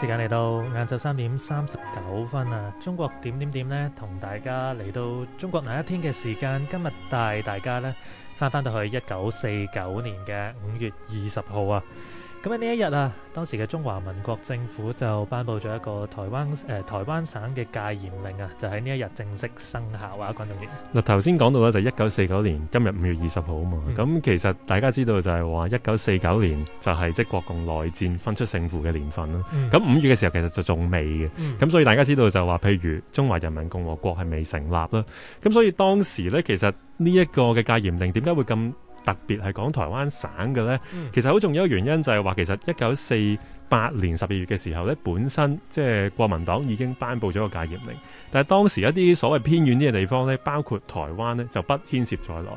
時間嚟到晏晝三點三十九分啊，中國點點點呢？同大家嚟到中國那一天嘅時間。今日帶大家呢，翻返到去一九四九年嘅五月二十號啊。咁喺呢一日啊，當時嘅中華民國政府就頒布咗一個台灣誒台灣省嘅戒嚴令啊，就喺呢一日正式生效啊，觀眾朋友。嗱頭先講到咧，就一九四九年，今日五月二十號啊嘛。咁其實大家知道就係話一九四九年就係即國共內戰分出勝負嘅年份啦。咁五月嘅時候其實就仲未嘅，咁所以大家知道就話譬如中華人民共和國係未成立啦。咁所以當時咧，其實呢一個嘅戒嚴令點解會咁？特別係講台灣省嘅呢，其實好重要一個原因就係話，其實一九四八年十二月嘅時候呢，本身即係、就是、國民黨已經頒佈咗個戒嚴令，但係當時一啲所謂偏遠啲嘅地方呢，包括台灣呢，就不牽涉在內。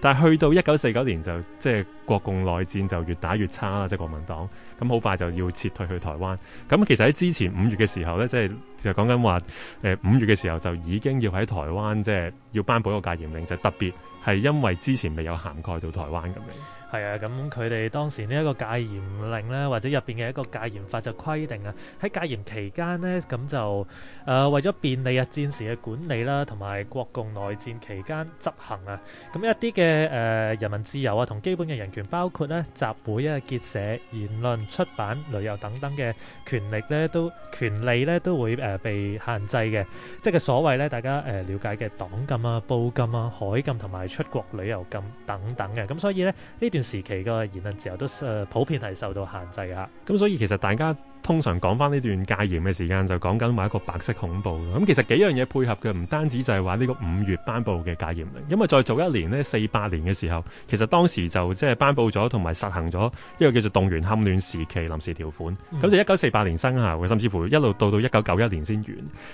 但係去到一九四九年就即係，就是國共內戰就越打越差啦，即係國民黨，咁好快就要撤退去台灣。咁其實喺之前五月嘅時候咧，即係就講緊話，誒、呃、五月嘅時候就已經要喺台灣即係、就是、要頒布一個戒嚴令，就是、特別係因為之前未有涵蓋到台灣咁樣。係啊，咁佢哋當時呢一個戒嚴令咧，或者入邊嘅一個戒嚴法就規定啊，喺戒嚴期間呢，咁就誒、呃、為咗便利日、啊、戰時嘅管理啦、啊，同埋國共內戰期間執行啊，咁一啲嘅誒人民自由啊，同基本嘅人。包括咧集會啊、結社、言論、出版、旅遊等等嘅權力咧，都權利咧都會誒、呃、被限制嘅，即係所謂咧，大家誒瞭、呃、解嘅黨禁啊、報禁啊、海禁同埋出國旅遊禁等等嘅，咁所以咧呢段時期嘅言論自由都誒、呃、普遍係受到限制嘅。咁所以其實大家。通常講翻呢段戒嚴嘅時間，就講緊話一個白色恐怖。咁其實幾樣嘢配合嘅，唔單止就係話呢個五月頒布嘅戒嚴。因為再早一年呢，四八年嘅時候，其實當時就即係頒布咗同埋實行咗一個叫做動員戡亂時期臨時條款。咁、嗯、就一九四八年生效嘅，甚至乎一路到到一九九一年先完。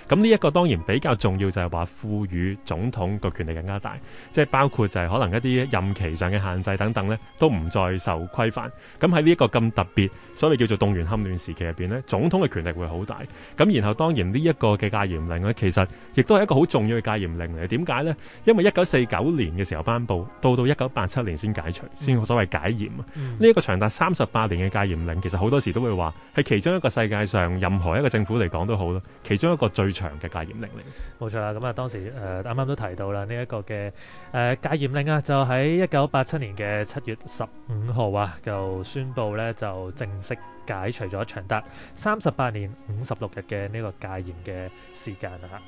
咁呢一個當然比較重要就係話賦予總統個權力更加大，即係包括就係可能一啲任期上嘅限制等等呢，都唔再受規範。咁喺呢一個咁特別，所謂叫做動員戡亂時期。咧，總統嘅權力會好大，咁然後當然呢一個嘅戒嚴令咧，其實亦都係一個好重要嘅戒嚴令嚟。點解呢？因為一九四九年嘅時候頒布，到到一九八七年先解除，先所謂解嚴啊。呢一、嗯、個長達三十八年嘅戒嚴令，其實好多時都會話係其中一個世界上任何一個政府嚟講都好咯，其中一個最長嘅戒嚴令嚟。冇錯啦，咁啊，當時誒啱啱都提到啦，呢、這、一個嘅誒、呃、戒嚴令啊，就喺一九八七年嘅七月十五號啊，就宣布咧就正式。解除咗長達三十八年五十六日嘅呢個戒嚴嘅時間啊。